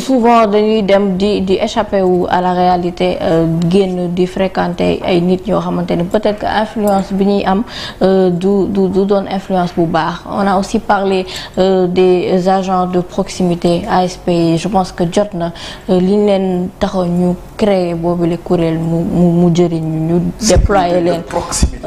souvent dañuy dem di di échapper à la réalité euh, guen di fréquenter ay nit ñoo peut-être que influence bi ñuy am euh du du influence bu baax on a aussi parlé euh, des agents de proximité ASP je pense que Jotna euh, li ñen taxaw ñu créer bobu le kuréel mu mu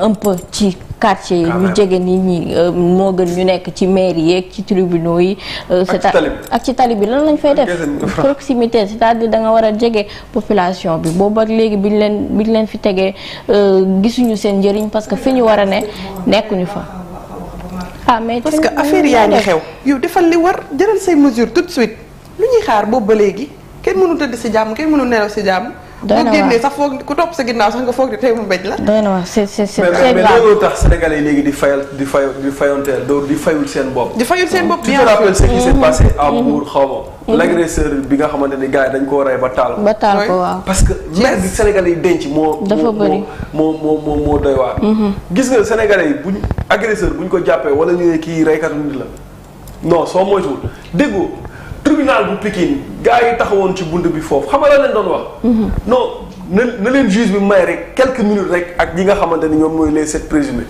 un peu ci quartier yi ñu jege nit ñi euh, moo gën ñu nekk ci mairie yeeg ci tribunaux yi euh, c'est-à-dire ak ci tali bi lan lañ fay def proximité c'est-à-dire da war a jege population bi boobu ak léegi bi ñu leen bi leen fi tegee euh, gisuñu seen njëriñ parce que fi ñu war a ne nekkuñu fa ah mais parce que affaire yaa ngi xew yow defal li war jëral say mesures tout de lu ñuy xaar boobu ba léegi kenn mënu tëdd si jàmm kenn mënu nelaw si jàmm doy na génnee sax foog ku topp sa ginnaaw sax nga foog di tey mu mbéj la. doy na waaw c'est c'est c'est très grave mais tax sénégalais yi léegi di fayal di fay di fayonteel doo di fayul seen bopp. di fayul seen bopp bien sûr tu mm-hmm. mm-hmm. mm-hmm. bi nga xamante ni gars yi dañ koo rey ba taal ko. ba taal parce que mer bi sénégalais yi denc moo. dafa moo moo moo moo doy waar. gis nga sénégalais yi buñ agresseur buñ ko jàppee wala ñu ne kii reykatu nit la non soo moytuwul déggu tribunal bu Pikine gars yi taxawoon ci bunt bi foofu xam nga la leen doon wax. Mhm. non na na leen juge bi may rek quelques minutes rek ak ñi nga xamanteni ñom moy les sept présumés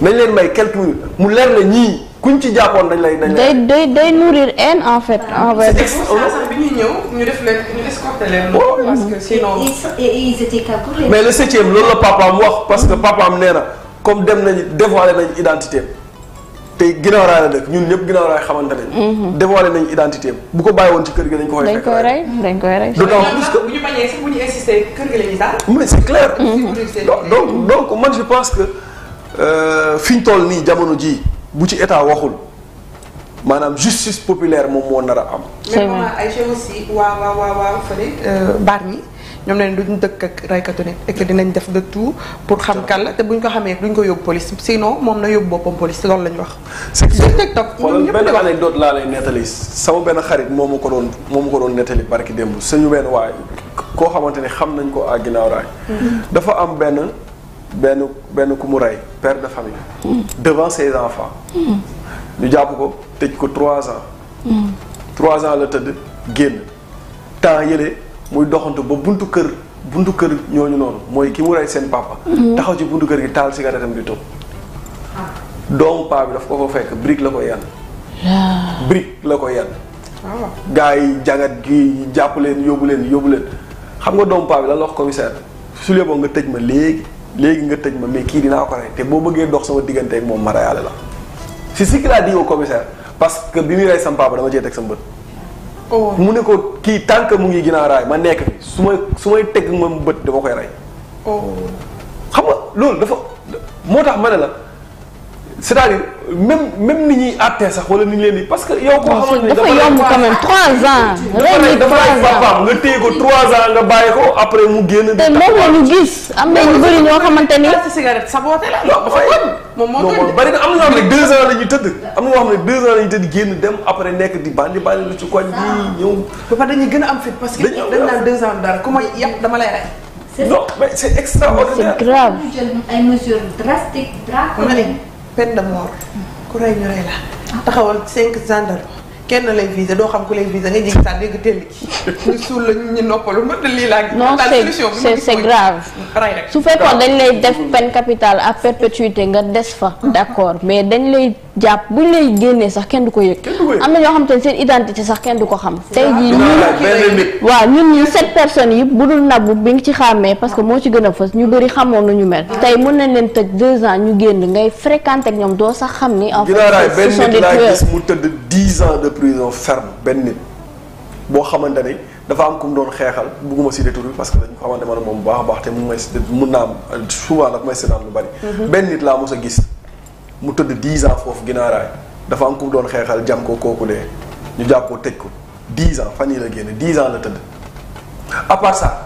nañ leen may quelques minutes mu leer na ñi kuñ ci jàppoon dañ lay. dañ lay day day nourrir en en fait. Ah, envers bi ñuy ñëw ñu def leen ñu escorter leen. parce que sinon. ils étaient cagoulés. mais le septième lolu papa am wax parce que papa am na comme dem nañ dévoiler nañ identité te ginnaaw raay la dëkk ñun ñëpp ginnaaw raay xamante nañ mhm. dévoilé nañ identité bu ko bàyyi woon ci kër gi dañ ko koy fekk rey dañ koy rey d'autant plus que bu donc donc man je pense que euh, fi ñu toll nii jamono jii bu ci état waxul maanaam justice populaire moom moo nar a am mais maman ay aussi waaw waaw waaw waaw fële euh, baar mi ñom ne duñ dëkk ak ray nit et que dinañ def de tout pour xam kan la te buñ ko xamé duñ ko yob police sinon mom na yob bopam police lool lañ wax. ci TikTok ñoom ñëpp benn doot la lay netali sama ben xarit momu ko doon momu ko doon netali barki dembu suñu ben way ko xamanteni xam nañ ko à ginaaw ray dafa am ben ben ben ku mu ray père de famille. devant ses enfants. ñu jàpp ko tëj ko 3 ans. 3 ans la teud génn temps yële. muy doxantu ba buntu kër buntu kër ñooñu noonu mooy ki mu rey seen papa. Mhm. taxaw ci buntu kër gi taal si cigarette am di toog. doomu paa bi daf ko fa fekk brique la ko yan. Ah. brique la ko yan. Ah. gaa yi jàngat gi jàpp leen yóbbu leen yóbbu leen xam nga doomu paa bi lan la wax commissaire su boo nga tëj ma léegi léegi nga tëj ma mais kii dinaa ko rey te boo bëggee dox sama diggante ak moom ma reyaale la. si ce qu'il a dit au parce que bi muy rey sama papa dama cee teg sama Oh. mu ne ko kii tant que mu ngi ginnaaw raay ma nekk su may su may teg ma bët dafa koy rey. Oh. xam nga loolu dafa moo tax ma ne la. c'est-à-dire même même ni ñuy àttee sax wala ni ñu leen di parce que yow. koo xamante ni dafa yomb quand même ans. ren dafa ay ans nga bàyyi ko après mu génn. te moom la ñu gis am na ñu bëri ñoo xamante ni. ci cigarette saboté la. am na ñoo xam ne 2 ans la ñuy tëdd. génn dem après nekk di bandi bandi lu koñ bi ah. ñëw. ba pare dañuy gën a am fit parce que. dañ naan 2 ans dara ku ma yàpp dama lay c'est non peine de mort ku rey ñu rey la taxawal cinq gendarme kenn lay visé doo xam ku lay visé nga jig sax dégg tell gi ñu suul la ñu noppalu mën na lii laa gis. non c'est c'est grave. su fekkoon dañ lay def peine capitale à perpétuité nga des fa. d'accord mais dañ lay. jàpp bu ñu lay génnee sax kenn du ko yëg am na ñoo xam te ne seen sax kenn du ko xam ah, tey jii ñun waaw ñun ñii personnes yi bu dul nabu bi nga ci xàmmee parce que moo ci gën a fës ñu bëri xamoon nañu mel ah. tey mën na leen tëj deux ans ñu génn ngay fréquenté ak ñoom doo sax xam ni en fait ce sont des tueurs benn nit ans de prison ferme benn nit boo xamante ne dafa am ku doon xeexal bugguma si détour bi parce que dañu xamante man moom baax a baax te mu may mun naa lu bari mm-hmm. benn nit laa a gis mu tëdd 10 ans foofu ginnaaraay dafa am ku doon xeexal jam ko kooku dee ñu jàpp teg ko 10 ans fan yii la génne 10 ans la tëdd à part ça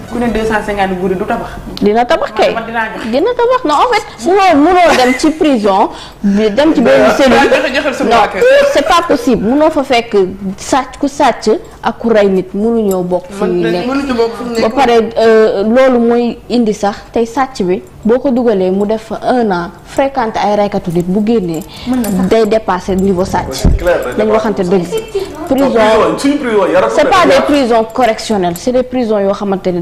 ku ne 250 guddi du tabax. dina tabax kay ah, a tabax non en fait munoo munoo dem ci prison dem ci benn cellule non c'est pas possible munoo fa fekk sàcc ku sàcc ak ku rey nit munuñoo bokk. fu ñu nekk ba pare euh, loolu mooy indi sax tey sàcc bi boo ko dugalee mu def fa un an fréquente ay reykatu nit bu génnee. day dépasser niveau sàcc. dañu waxante dëgg. prison c'est pas des prisons correctionnelles c'est des prisons yoo xamante ni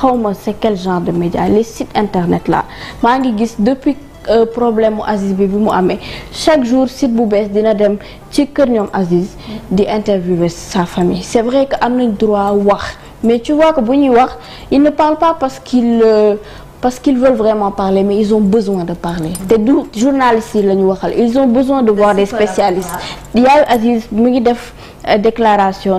Comment c'est quel genre de média les sites internet là depuis euh, problème Aziz chaque jour site bu dina dem Aziz sa famille c'est vrai que droit wax mais tu vois que ils ne parlent pas parce qu'ils euh, parce qu'ils veulent vraiment parler mais ils ont besoin de parler Des journalistes ils ont besoin de voir des spécialistes Il y a ngi def euh, déclaration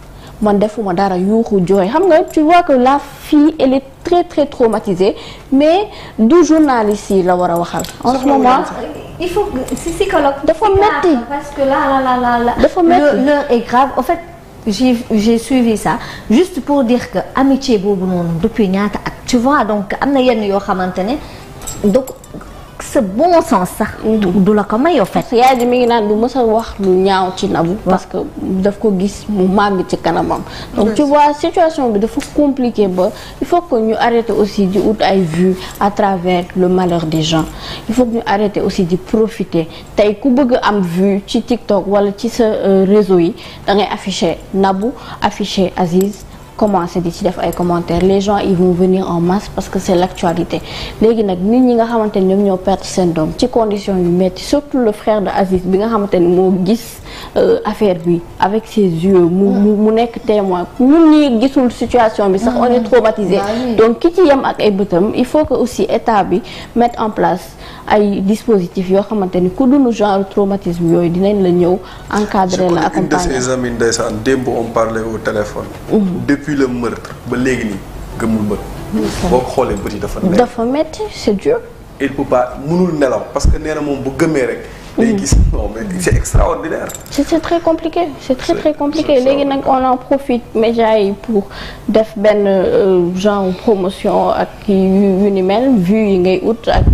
man defuma dara yuuxu jooy xam nga tu vois que la fille elle est très très traumatisée mais du journaliste ici, la wara waxal. en ce moment il faut que si psychologue. dafa metti parce que là là là là là. dafa l'heure est grave en fait. j'ai j'ai suivi ça juste pour dire que amitié bobu non depuis ñata ak tu vois donc amna yenn yo xamantene donc ak bon sens sax. De mm-hmm. la caméra. may yow fekk. yaay ji mi ngi naan du mës wax lu ñaaw ci Nabou. parce que daf ko gis mu màgg ci kanamam. donc tu vois situation bi dafa compliqué ba il faut que ñu arrêter aussi di ut ay vues à travers le malheur des gens il faut que ñu arrêter aussi di profiter tey ku bëgg am vue ci TikTok wala ci ce euh, réseau yi da ngay afficher Nabou afficher Aziz commencé di ci def commentaires les gens ils vont venir en masse parce que c'est l'actualité Les gens ni ñoo surtout le frère de Aziz euh, affaire bi avec ses yeux mou mu nekk témoin ñun ñi gisul situation mais sax on est mm-hmm. traumatisé bah donc ki ci yam ak ay il faut que aussi état bi mettre en place ay dispositifs yo xamanteni ni ku dund genre traumatisme yoy dinañ la ñëw encadrer la accompagner des amis ndeysaan on parlait au téléphone mm-hmm. depuis le meurtre ba légui nii gëmul mm-hmm. bët bok xolé xoolee dafa dafa c'est dur il peut pas mënul nelaw parce que néna mom bu rek Mhm. non mais c'est extraordinaire. c'est très compliqué c'est très très compliqué les gens on en profite mais j'ai pour def Ben genre promotion ak une ni mel vu une ngay avec ak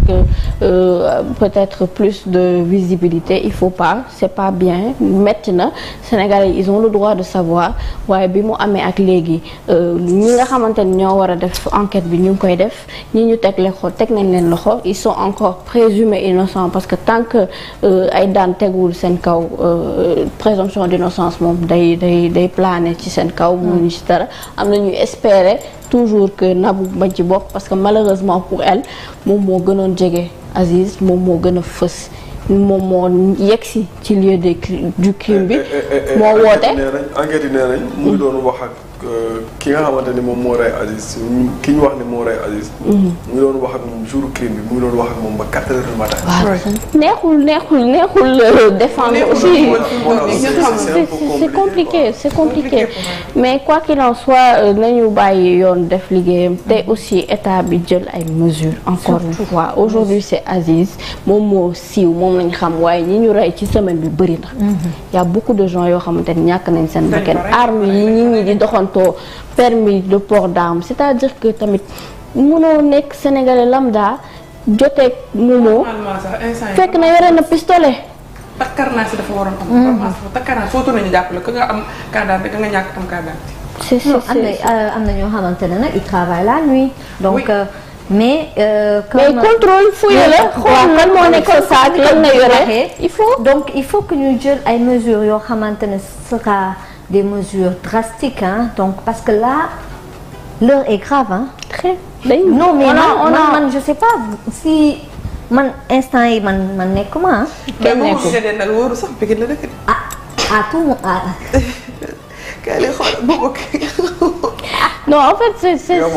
euh, peut-être plus de visibilité il faut pas c'est pas bien metti na Sénégalais ils ont le droit de savoir ouais bi mu amee ak léegi euh, ñi nga xamante ni ñoo war a def enquête bi ñu koy def ñi ñu Tech loxo teg nañ leen loxo ils sont encore présumés innocents parce que tant que euh, ay daan teguwul sen kaw euh, présomption d'innocence mom day day day plané ci sen kaw. mënuñu ci dara am na espérer toujours que nabu bañ ci bopp parce que malheureusement pour elle mom mo gënoon djégé Aziz mom mo gëna fess fës. moom moo ci lieu de du crime bi. mo woté enquête né nañ muy doon wax ak ki nga xamante ni moom moo Aziz ki ñu wax ni moo rey Aziz. Mm-hmm. mu ngi doon wax ak moom jour crime bi mu ngi doon wax ak moom ba quatre heures du matin. neexul neexul neexul euh, défendre aussi c'est compliqué c'est compliqué mais quoi qu'il en soit euh, nañu bàyyi yoon def liggéeyam te aussi état bi jël ay mesures encore une fois aujourd'hui c'est Aziz moom moo siiw moom lañ xam waaye ñi ñu rey ci semaine bi bëri Il mm-hmm. y a beaucoup de gens yoo xamante ni ñàkk nañ seen bakkan arme yi ñi ñi di doxantu tantôt permis de port d'arme c'est-à-dire que tamit mënoo nekk sénégalais lambda joteeg Momo. fekk na yore na pistolet. takkar naa si dafa waroon am. takkar naa foo tourné ñu jàppale ko nga am carte d'identité da nga ñàkk am carte d'identité. Euh, am na ñoo xamante ne nag ils travaillent la nuit. donc euh, mais. Euh, mais contrôle la xool lan nekk sa saag lan la yore il faut donc il faut que ñu jël ay mesures yoo xamante ne ce sera des mesures drastiques, hein, donc, parce que là, l'heure est grave. Hein. Très mais Non, mais on a, on a... man, je ne sais pas si... mon instant est man man ça, ah. Hein. kenn nekkul ah à tout à. est non en fait c'est c'est. en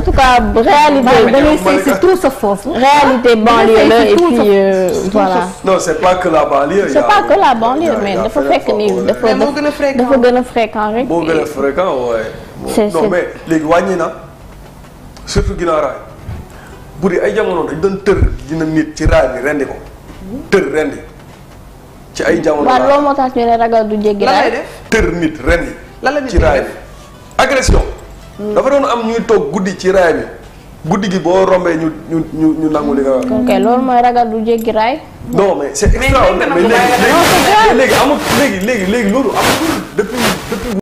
tout cas réalité euh, c'est tout ce réalité banlieue et voilà. non c'est pas que la banlieue. c'est pas que la banlieue mais dafa faut ni dafa dafa a fréquent rek. fréquent non mais les na surtout ci ay jamono waaw loolu moo tax ñu ne ragal du jéggi raay tër nit ren yi ci raay bi hmm. dafa doon am ñuy toog guddi ci raay bi guddi gi boo rombee ñu ñu ñu ñu nangu li nga wax. ok loolu mooy ragal du jéggi raay. non mais c'est extraordinaire mais léegi léegi amul léegi léegi léegi loolu amul depuis depuis.